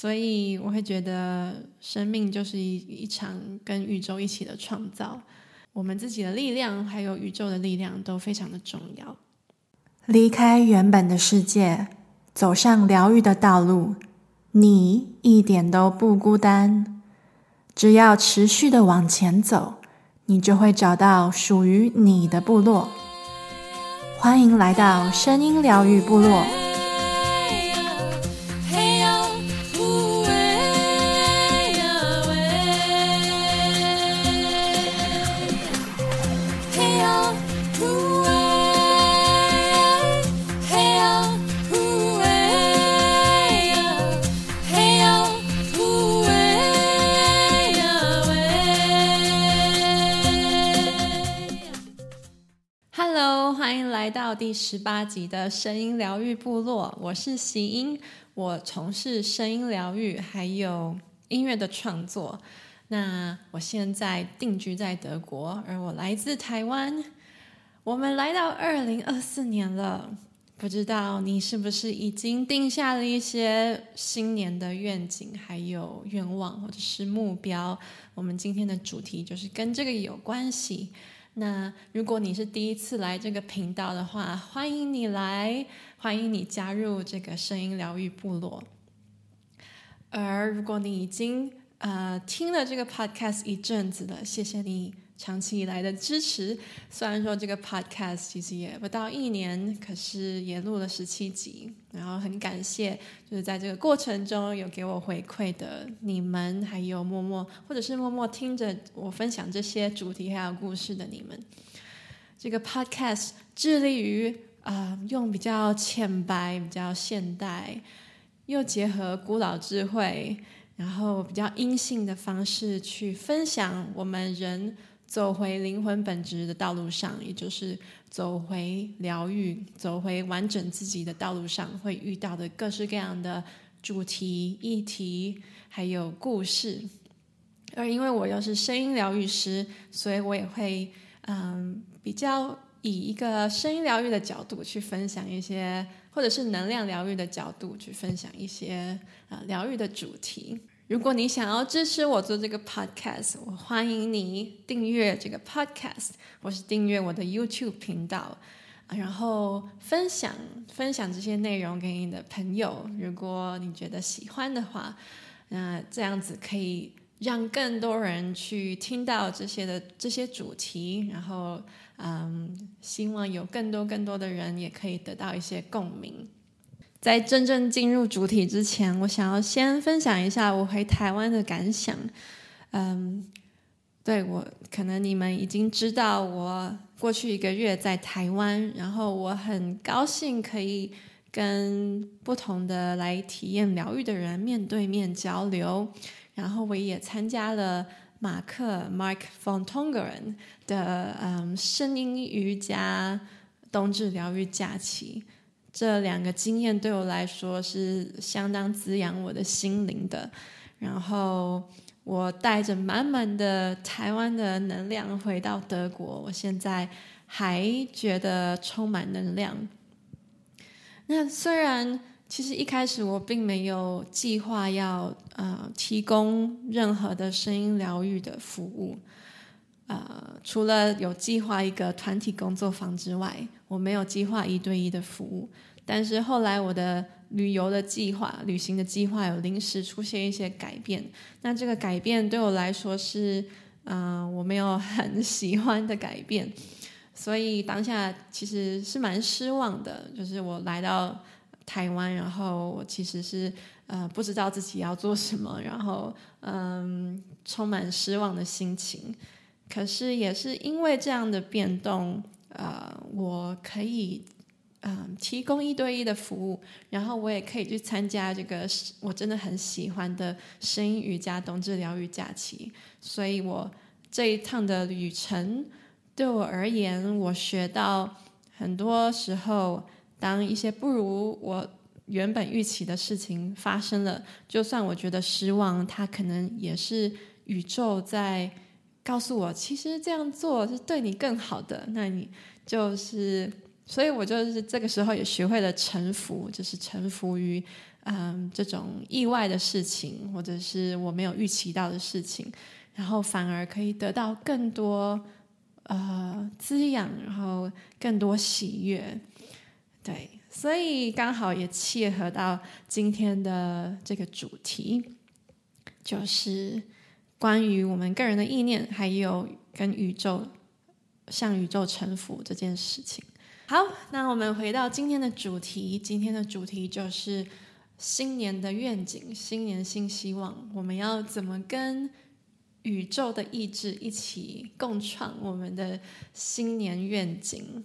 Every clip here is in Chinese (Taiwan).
所以我會覺得，生命就是一一場跟宇宙一起的創造。我們自己的力量，還有宇宙的力量，都非常的重要。離開原本的世界，走上療癒的道路，你一點都不孤單。只要持續的往前走，你就會找到屬於你的部落。歡迎來到聲音療癒部落。到第十八集的聲音療癒部落，我是喜英，我從事聲音療癒還有音樂的創作。那我現在定居在德國，而我來自台灣。我們來到二零二四年了，不知道你是不是已經定下了一些新年的願景、還有願望或者是目標？我們今天的主題就是跟這個有關係。那如果你是第一次來這個頻道的話，歡迎你來，歡迎你加入這個聲音療癒部落。而如果你已經，呃，聽了這個 podcast 一陣子了，謝謝你。長期以來的支持，雖然說這個 podcast 其實也不到一年，可是也錄了十七集，然後很感謝，就是在這個過程中有給我回饋的你們，還有默默或者是默默聽着我分享這些主題還有故事的你們。這個 podcast 致力於啊、呃，用比較淺白、比較現代，又結合古老智慧，然後比較陰性的方式去分享我們人。走回靈魂本質的道路上，也就是走回療癒、走回完整自己的道路上，會遇到的各式各樣的主題、議題，還有故事。而因為我又是聲音療癒師，所以我也會嗯、呃、比較以一個聲音療癒的角度去分享一些，或者是能量療癒的角度去分享一些啊療癒的主題。如果你想要支持我做這個 podcast，我歡迎你訂閱這個 podcast，或是訂閱我的 YouTube 頻道，然後分享分享這些內容給你的朋友。如果你覺得喜歡的話，那這樣子可以讓更多人去聽到這些的這些主題，然後嗯，希望有更多更多的人也可以得到一些共鳴。在真正進入主題之前，我想要先分享一下我回台灣的感想。嗯、um，對，我可能你們已經知道，我過去一個月在台灣，然後我很高興可以跟不同的來體驗療癒的人面對面交流，然後我也參加了馬克 （Mark van Tongeren） 的嗯、um, 聲音瑜伽冬至療癒假期。這兩個經驗對我來說是相當滋養我的心靈的。然後我帶着滿滿的台灣的能量回到德國，我現在還覺得充滿能量。那雖然其實一開始我並沒有計劃要呃提供任何的聲音療癒的服務。呃，除了有計劃一個團體工作坊之外，我沒有計劃一對一的服務。但是後來我的旅遊的計劃、旅行的計劃有臨時出現一些改變，那這個改變對我來說是，呃，我沒有很喜歡的改變，所以當下其實是蠻失望的。就是我來到台灣，然後我其實是，呃，不知道自己要做什麼，然後嗯、呃，充滿失望的心情。可是也是因為這樣的變動，呃，我可以嗯、呃、提供一對一的服務，然後我也可以去參加這個我真的很喜歡的聲音瑜伽冬至療癒假期。所以我這一趟的旅程，對我而言，我學到很多時候，當一些不如我原本預期的事情發生了，就算我覺得失望，它可能也是宇宙在。告訴我，其實這樣做是對你更好的。那你就是，所以我就是這個時候也學會了臣服，就是臣服於嗯、呃、這種意外的事情，或者是我沒有預期到的事情，然後反而可以得到更多呃滋養，然後更多喜悅。對，所以剛好也契合到今天的這個主題，就是。關於我們個人的意念，還有跟宇宙，向宇宙臣服這件事情。好，那我們回到今天的主題。今天的主題就是新年的願景，新年新希望。我們要怎麼跟宇宙的意志一起共創我們的新年願景？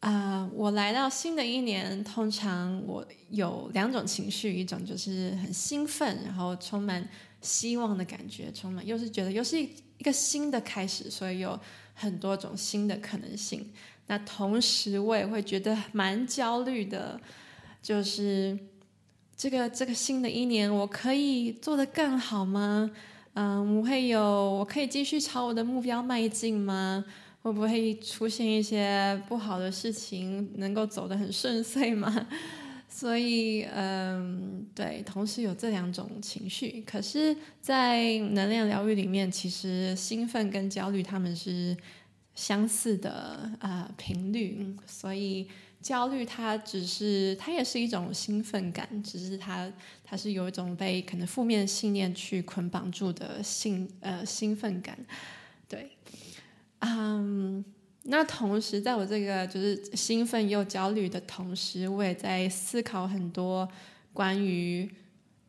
啊、呃，我來到新的一年，通常我有兩種情緒，一種就是很興奮，然後充滿。希望的感覺充滿，又是覺得又是一個新的開始，所以有很多種新的可能性。那同時我也會覺得蠻焦慮的，就是這個這個新的一年我可以做得更好嗎？嗯，我會有我可以繼續朝我的目標邁進嗎？會不會出現一些不好的事情，能夠走得很順遂嗎？所以，嗯，對，同時有這兩種情緒。可是，在能量療癒裡面，其實興奮跟焦慮它們是相似的，啊、呃，頻率。所以，焦慮它只是，它也是一種興奮感，只是它它是有一種被可能負面信念去捆綁住的興呃興奮感。對，啊、嗯。那同時，在我這個就是興奮又焦慮的同時，我也在思考很多關於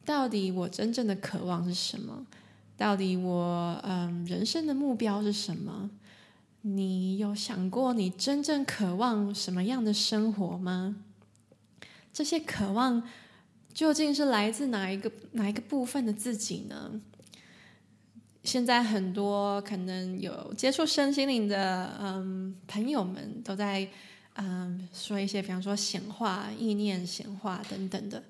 到底我真正的渴望是什麼？到底我嗯，人生的目標是什麼？你有想過你真正渴望什麼樣的生活嗎？這些渴望究竟是來自哪一個哪一個部分的自己呢？現在很多可能有接觸身心靈的，嗯、um,，朋友們都在，嗯、um,，說一些，比方說顯化、意念顯化等等的。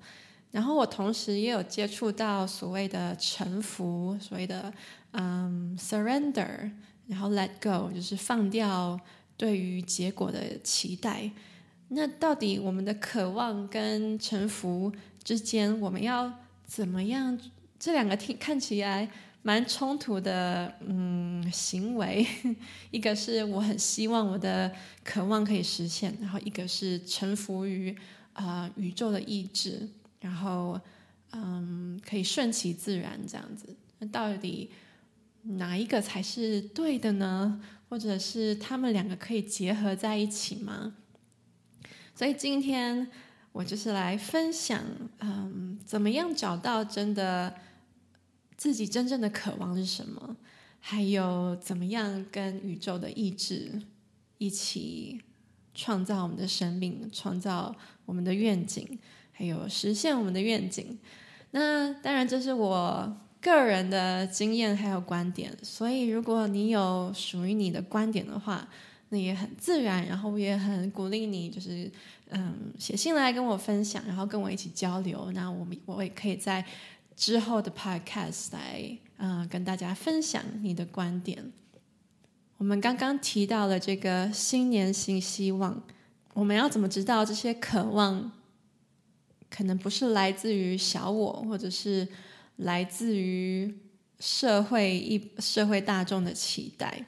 然後我同時也有接觸到所謂的臣服，所謂的嗯、um,，surrender，然後 let go，就是放掉對於結果的期待。那到底我們的渴望跟臣服之間，我們要怎麼樣？這兩個聽看起來。蠻衝突的，嗯，行為，一個是我很希望我的渴望可以實現，然後一個是臣服於啊、呃、宇宙的意志，然後嗯可以順其自然這樣子，那到底哪一個才是對的呢？或者是他們兩個可以結合在一起嗎？所以今天我就是來分享，嗯，怎麼樣找到真的。自己真正的渴望是什麼？還有怎麼樣跟宇宙的意志一起創造我們的生命，創造我們的願景，還有實現我們的願景。那當然這是我個人的經驗還有觀點。所以如果你有屬於你的觀點的話，那也很自然。然後我也很鼓勵你，就是嗯，寫信來跟我分享，然後跟我一起交流。那我們我也可以在。之後的 podcast 來，嗯、呃，跟大家分享你的觀點。我們剛剛提到了這個新年新希望，我們要怎麼知道這些渴望可能不是來自於小我，或者是來自於社會一社會大眾的期待？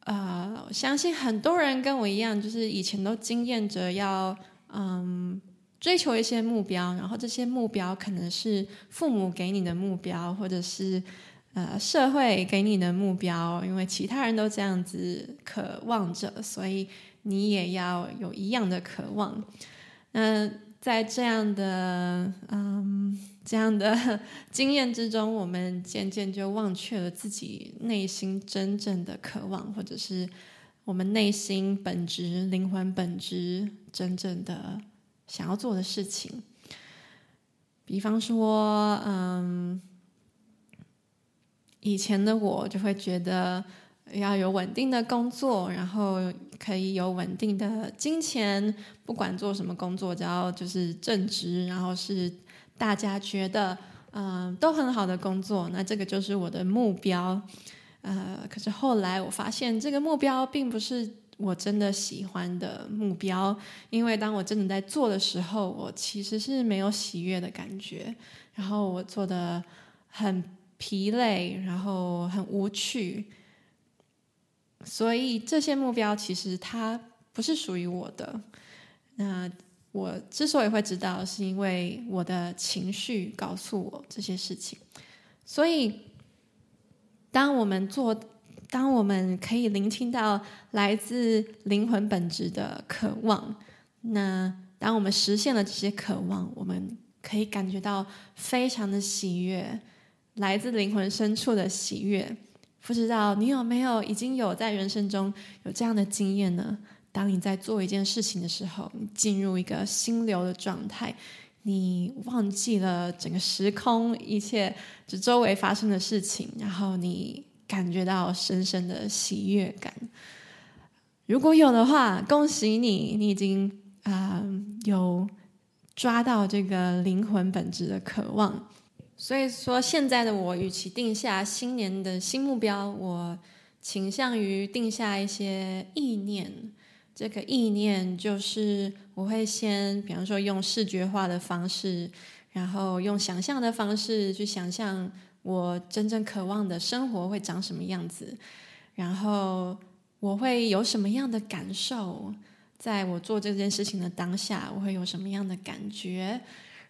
啊、呃，我相信很多人跟我一樣，就是以前都經驗着要，嗯。追求一些目標，然後這些目標可能是父母給你的目標，或者是呃社會給你的目標。因為其他人都這樣子渴望着，所以你也要有一樣的渴望。那在這樣的嗯這樣的經驗之中，我們漸漸就忘卻了自己內心真正的渴望，或者是我們內心本質、靈魂本質真正的。想要做的事情，比方說，嗯，以前的我就會覺得要有穩定的工作，然後可以有穩定的金錢，不管做什麼工作，只要就是正直，然後是大家覺得，嗯，都很好的工作，那這個就是我的目標，嗯，可是後來我發現，這個目標並不是。我真的喜歡的目標，因為當我真的在做的時候，我其實是沒有喜悅的感覺，然後我做的很疲累，然後很無趣。所以這些目標其實它不是屬於我的。那我之所以會知道，是因為我的情緒告訴我這些事情。所以，當我們做。當我們可以聆聽到來自靈魂本質的渴望，那當我們實現了這些渴望，我們可以感覺到非常的喜悅，來自靈魂深處的喜悅。不知道你有沒有已經有在人生中有這樣的經驗呢？當你在做一件事情的時候，你進入一個心流的狀態，你忘記了整個時空一切，這周圍發生的事情，然後你。感覺到深深的喜悅感，如果有的話，恭喜你，你已經啊、呃、有抓到這個靈魂本質的渴望。所以說，現在的我，與其定下新年的新目標，我傾向於定下一些意念。這個意念就是，我會先，比方說，用視覺化的方式，然後用想象的方式去想象。我真正渴望的生活會長什麼樣子？然後我會有什麼樣的感受？在我做這件事情的當下，我會有什麼樣的感覺？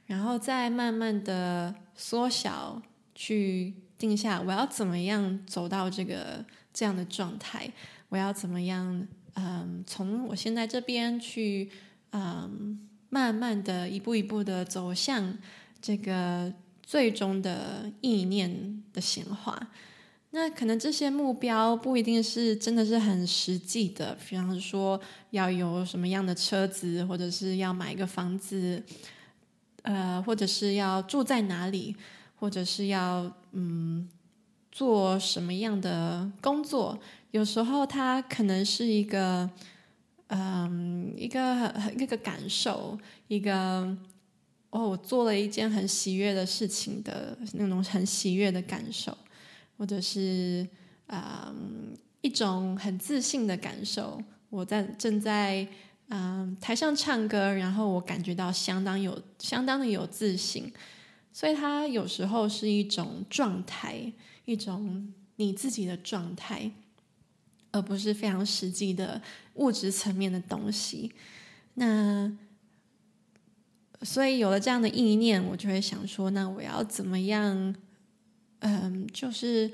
然後再慢慢的縮小，去定下我要怎麼樣走到這個這樣的狀態。我要怎麼樣？嗯，從我現在這邊去，嗯，慢慢的一步一步的走向這個。最終的意念的顯化，那可能這些目標不一定是真的是很實際的，比方說要有什麼樣的車子，或者是要買一個房子，呃，或者是要住在哪裡，或者是要嗯做什麼樣的工作。有時候它可能是一個嗯、呃、一個一個感受一個。哦、oh，我做了一件很喜悅的事情的那種很喜悅的感受，或者、就是啊、um, 一種很自信的感受。我在正在嗯、um, 台上唱歌，然後我感覺到相當有相當的有自信，所以它有時候是一種狀態，一種你自己的狀態，而不是非常實際的物質層面的東西。那。所以有了這樣的意念，我就會想說：那我要怎麼樣？嗯、呃，就是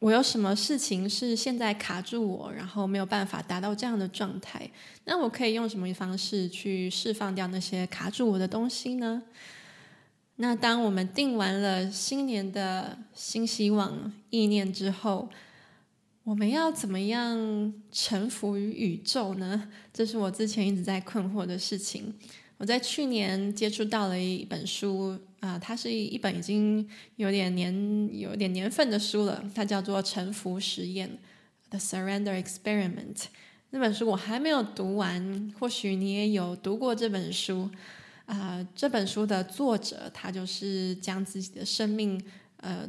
我有什麼事情是現在卡住我，然後沒有辦法達到這樣的狀態。那我可以用什麼方式去釋放掉那些卡住我的東西呢？那當我們定完了新年的新希望意念之後，我們要怎麼樣臣服於宇宙呢？這是我之前一直在困惑的事情。我在去年接觸到了一本書啊、呃，它是一本已經有點年有點年份的書了，它叫做《臣服實驗》（The Surrender Experiment）。那本書我還沒有讀完，或許你也有讀過這本書啊、呃。這本書的作者他就是將自己的生命呃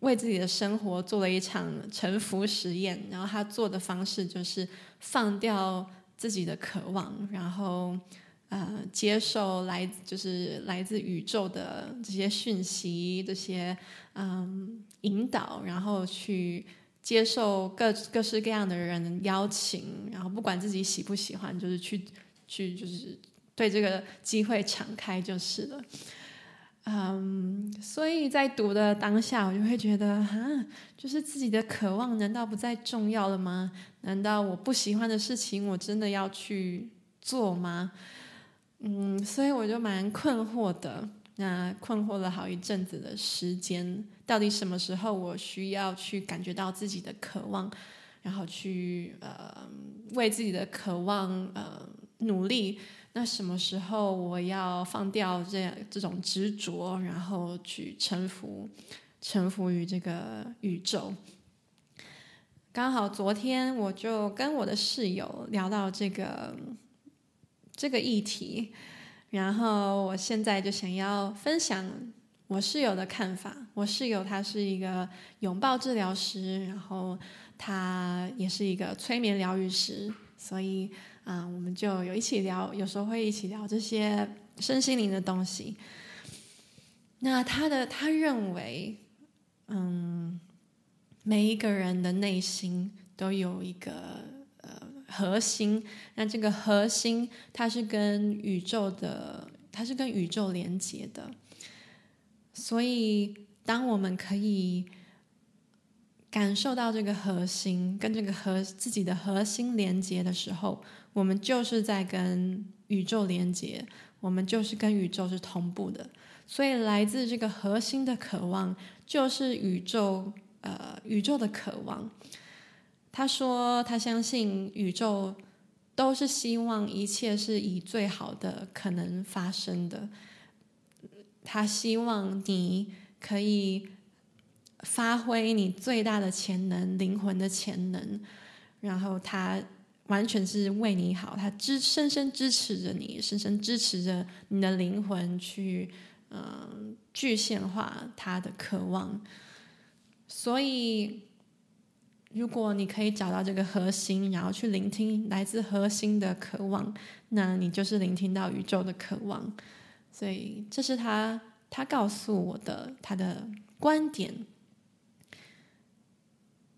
為自己的生活做了一場臣服實驗，然後他做的方式就是放掉自己的渴望，然後。呃，接受來就是來自宇宙的這些訊息，這些嗯引導，然後去接受各各式各樣的人邀請，然後不管自己喜不喜歡，就是去去就是對這個機會敞開就是了。嗯，所以在讀的當下，我就會覺得，哈，就是自己的渴望難道不再重要了嗎？難道我不喜歡的事情，我真的要去做嗎？嗯，所以我就蠻困惑的。那困惑了好一陣子的時間，到底什麼時候我需要去感覺到自己的渴望，然後去呃為自己的渴望呃努力？那什麼時候我要放掉這這種執着，然後去臣服、臣服於這個宇宙？剛好昨天我就跟我的室友聊到這個。這個議題，然後我現在就想要分享我室友的看法。我室友他是一個擁抱治療師，然後他也是一個催眠療癒師，所以啊、呃，我們就有一起聊，有時候會一起聊這些身心靈的東西。那他的他認為，嗯，每一個人的內心都有一個。核心，那這個核心，它是跟宇宙的，它是跟宇宙連接的。所以，當我們可以感受到這個核心跟這個核自己的核心連接的時候，我們就是在跟宇宙連接，我們就是跟宇宙是同步的。所以，來自這個核心的渴望，就是宇宙，呃，宇宙的渴望。他說：“他相信宇宙都是希望一切是以最好的可能發生的。他希望你可以發揮你最大的潛能，靈魂的潛能。然後他完全是為你好，他支深深支持着你，深深支持着你的靈魂去，嗯、呃，具現化他的渴望。所以。”如果你可以找到這個核心，然後去聆聽來自核心的渴望，那你就是聆聽到宇宙的渴望。所以這是他他告訴我的他的觀點。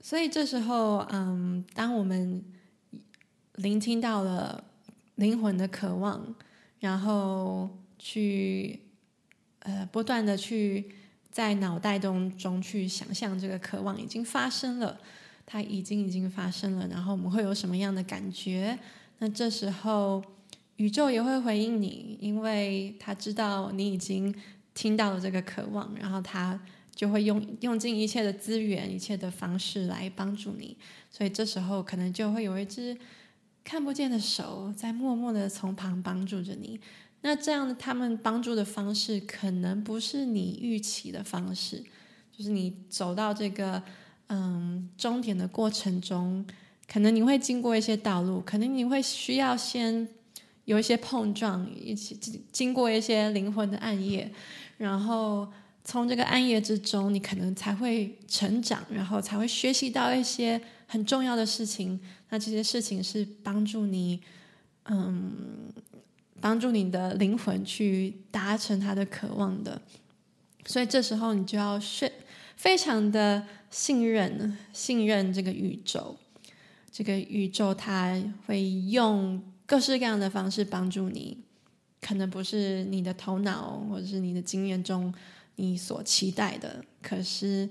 所以這時候，嗯，當我們聆聽到了靈魂的渴望，然後去呃不斷的去在腦袋當中去想象這個渴望已經發生了。它已經已經發生了，然後我們會有什麼樣的感覺？那這時候宇宙也會回應你，因為他知道你已經聽到了這個渴望，然後他就會用用盡一切的資源、一切的方式來幫助你。所以這時候可能就會有一隻看不見的手在默默的從旁幫助着你。那這樣他們幫助的方式可能不是你預期的方式，就是你走到這個。嗯，終點的過程中，可能你會經過一些道路，可能你會需要先有一些碰撞，一起經過一些靈魂的暗夜，然後從這個暗夜之中，你可能才會成長，然後才會學習到一些很重要的事情。那這些事情是幫助你，嗯，幫助你的靈魂去達成他的渴望的。所以這時候你就要學。非常的信任，信任這個宇宙，這個宇宙它會用各式各樣的方式幫助你，可能不是你的頭腦或者是你的經驗中你所期待的，可是，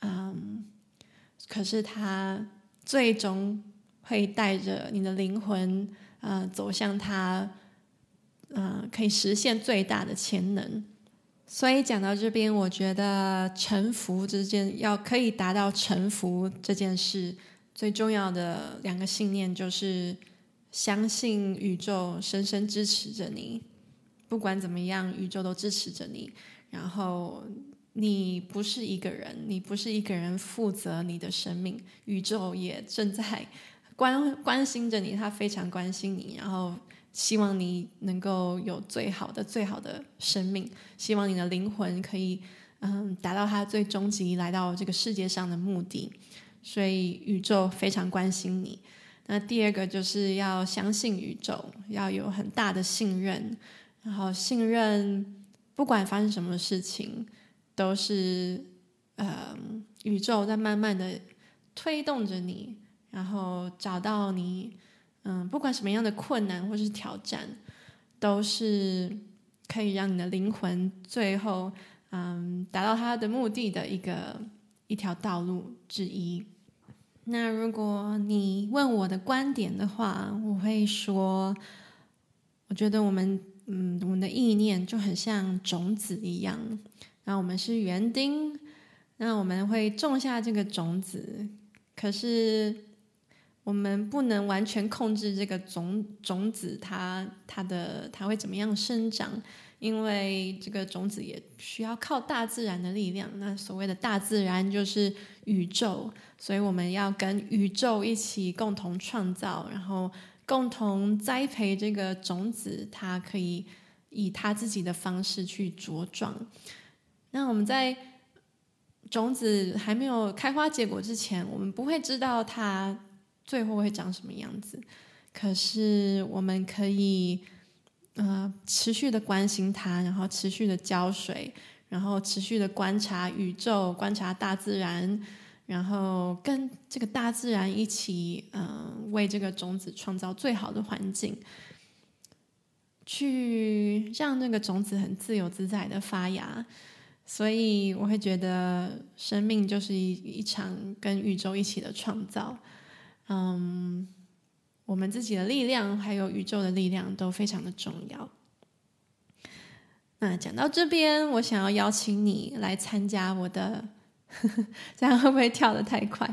嗯，可是他最終會帶着你的靈魂，啊，呃，走向他，呃，可以實現最大的潛能。所以講到這邊，我覺得臣服這件，要可以達到臣服這件事，最重要的兩個信念就是：相信宇宙深深支持着你，不管怎麼樣，宇宙都支持着你。然後你不是一個人，你不是一個人負責你的生命，宇宙也正在關關心着你，他非常關心你。然後。希望你能夠有最好的，最好的生命。希望你的靈魂可以，嗯，達到它最終極來到這個世界上的目的。所以宇宙非常關心你。那第二個就是要相信宇宙，要有很大的信任，然後信任，不管發生什麼事情，都是，嗯，宇宙在慢慢的推動着你，然後找到你。嗯，不管什麼樣的困難或是挑戰，都是可以讓你的靈魂最後嗯達到它的目的的一個一條道路之一。那如果你問我的觀點的話，我會說，我覺得我們嗯我們的意念就很像種子一樣，那我們是園丁，那我們會種下這個種子，可是。我們不能完全控制這個種種子它，它它的它會怎麼樣生長，因為這個種子也需要靠大自然的力量。那所謂的大自然就是宇宙，所以我們要跟宇宙一起共同創造，然後共同栽培這個種子，它可以以它自己的方式去茁壯。那我們在種子還沒有開花結果之前，我們不會知道它。最後會長什麼樣子？可是我們可以，呃，持續的關心它，然後持續的澆水，然後持續的觀察宇宙，觀察大自然，然後跟這個大自然一起，嗯、呃，為這個種子創造最好的環境，去讓那個種子很自由自在的發芽。所以，我會覺得生命就是一一場跟宇宙一起的創造。嗯、um，我們自己的力量，還有宇宙的力量，都非常的重要。那講到這邊，我想要邀請你來參加我的，呵呵這樣會不會跳的太快？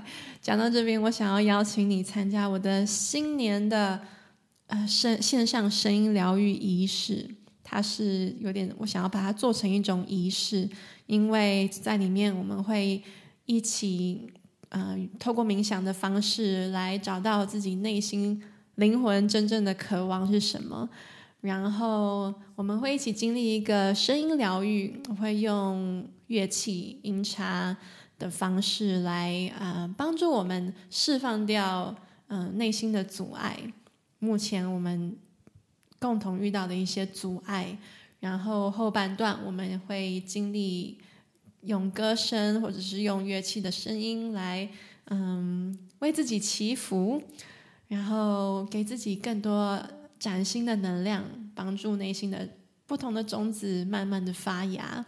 講到這邊，我想要邀請你參加我的新年的呃聲線上聲音療癒儀式，它是有點我想要把它做成一種儀式，因為在裡面我們會一起。嗯、呃，透過冥想的方式來找到自己內心靈魂真正的渴望是什麼。然後我們會一起經歷一個聲音療癒，會用樂器音叉的方式來，呃，幫助我們釋放掉嗯、呃、內心的阻礙。目前我們共同遇到的一些阻礙。然後後半段我們會經歷。用歌聲，或者是用樂器的聲音來，嗯，為自己祈福，然後給自己更多嶄新的能量，幫助內心的不同的種子慢慢的發芽。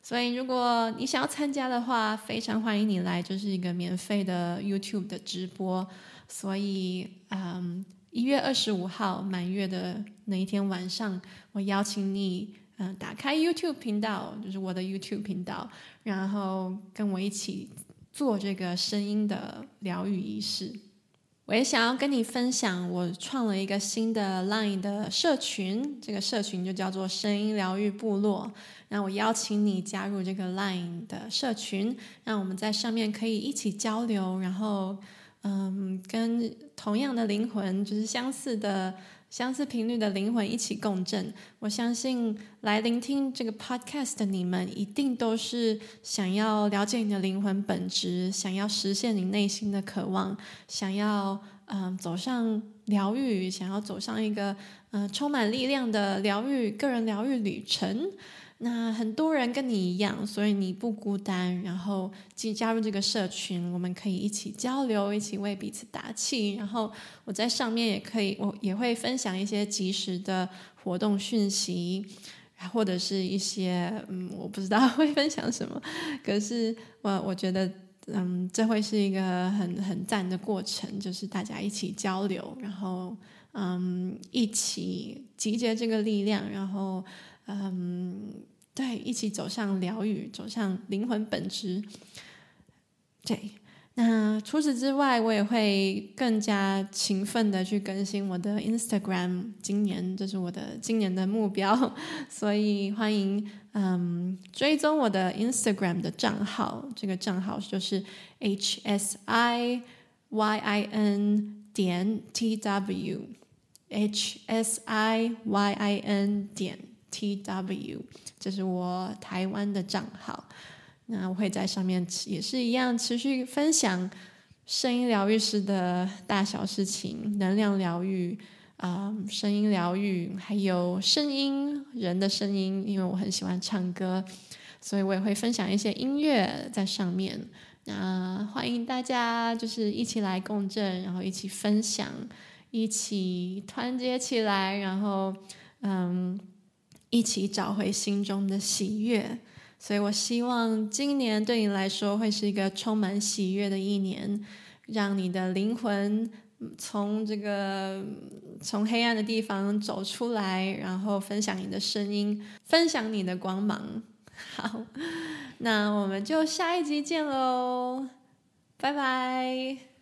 所以，如果你想要參加的話，非常歡迎你來，就是一個免費的 YouTube 的直播。所以，嗯，一月二十五號滿月的那一天晚上，我邀請你。打開 YouTube 頻道，就是我的 YouTube 頻道，然後跟我一起做這個聲音的療癒儀式。我也想要跟你分享，我創了一個新的 Line 的社群，這個社群就叫做“聲音療癒部落”。那我邀請你加入這個 Line 的社群，讓我們在上面可以一起交流，然後嗯，跟同樣的靈魂，就是相似的。相似頻率的靈魂一起共振，我相信來聆聽這個 podcast 的你們，一定都是想要了解你的靈魂本質，想要實現你內心的渴望，想要嗯、呃、走上療癒，想要走上一個嗯、呃、充滿力量的療癒，個人療癒旅程。那很多人跟你一樣，所以你不孤單。然後既加入這個社群，我們可以一起交流，一起為彼此打氣。然後我在上面也可以，我也會分享一些即時的活動訊息，或者是一些嗯，我不知道會分享什麼。可是我我覺得，嗯，這會是一個很很讚的過程，就是大家一起交流，然後嗯，一起集結這個力量，然後。嗯、um,，對，一起走向療癒，走向靈魂本質。對，那除此之外，我也會更加勤奮的去更新我的 Instagram。今年這是我的今年的目標，所以歡迎嗯、um, 追蹤我的 Instagram 的賬號，這個賬號就是 h s i y i n 點 t w h s i y i n 點。T W，這是我台灣的賬號。那我會在上面也是一樣持續分享聲音療癒師的大小事情、能量療癒啊、呃，聲音療癒，還有聲音人的聲音。因為我很喜歡唱歌，所以我也會分享一些音樂在上面。那歡迎大家就是一起來共振，然後一起分享，一起團結起來，然後嗯。一起找回心中的喜悅，所以我希望今年對你來說會是一個充滿喜悅的一年，讓你的靈魂從這個從黑暗的地方走出來，然後分享你的聲音，分享你的光芒。好，那我們就下一集見嘍，拜拜。